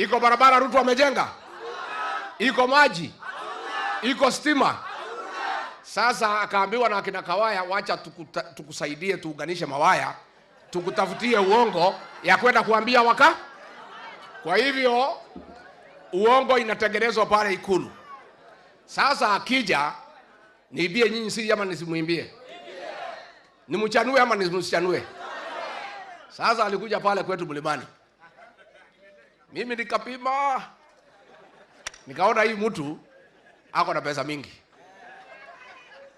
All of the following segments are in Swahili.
Iko barabara Ruto amejenga? Iko maji? Iko stima? Sasa akaambiwa na akina Kawaya, wacha tukuta, tukusaidie tuunganishe mawaya tukutafutie uongo ya kwenda kuambia waka. Kwa hivyo uongo inatengenezwa pale Ikulu. Sasa akija niibie nyinyi siri ama nisimwimbie, nimchanue ama nisimchanue? Sasa alikuja pale kwetu Mlimani. Mimi nikapima nikaona hii mtu ako na pesa mingi,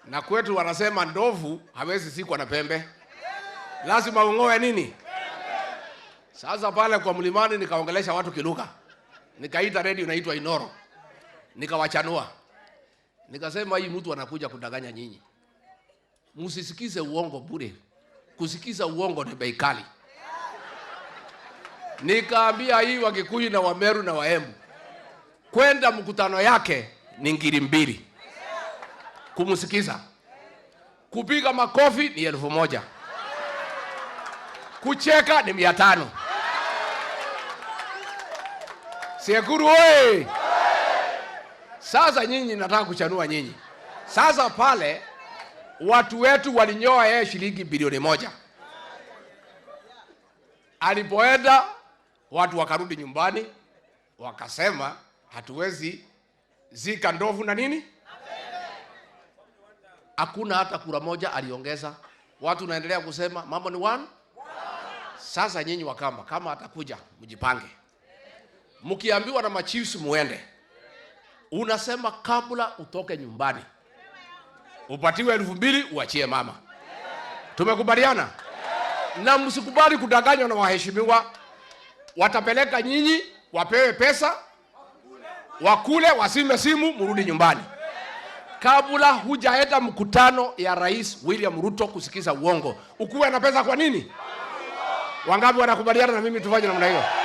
na kwetu wanasema ndovu hawezi sikwa na pembe, lazima ung'oe nini. Sasa pale kwa mlimani nikaongelesha watu kiluka, nikaita redio inaitwa Inoro, nikawachanua nikasema, hii mtu anakuja kudanganya nyinyi, msisikize uongo bure. Kusikiza uongo ni bei kali. Nikaambia hii Wakikuyu na Wameru na Waembu kwenda mkutano yake ni ngiri mbili, kumsikiza kupiga makofi ni elfu moja, kucheka ni mia tano. Sekuru oye! Sasa nyinyi, nataka kuchanua nyinyi sasa. Pale watu wetu walinyoa yeye shilingi bilioni moja alipoenda watu wakarudi nyumbani wakasema hatuwezi zika ndovu na nini. Hakuna hata kura moja aliongeza. Watu naendelea kusema mambo ni one. Sasa nyinyi Wakamba, kama atakuja mjipange, mkiambiwa na machiefs muende, unasema kabla utoke nyumbani upatiwe elfu mbili uachie mama. Tumekubaliana na msikubali kudanganywa na waheshimiwa watapeleka nyinyi, wapewe pesa, wakule, wasime simu, mrudi nyumbani. Kabla hujaenda mkutano ya Rais William Ruto kusikiza uongo, ukuwe na pesa. Kwa nini? Wangapi wanakubaliana na mimi tufanye namna hiyo?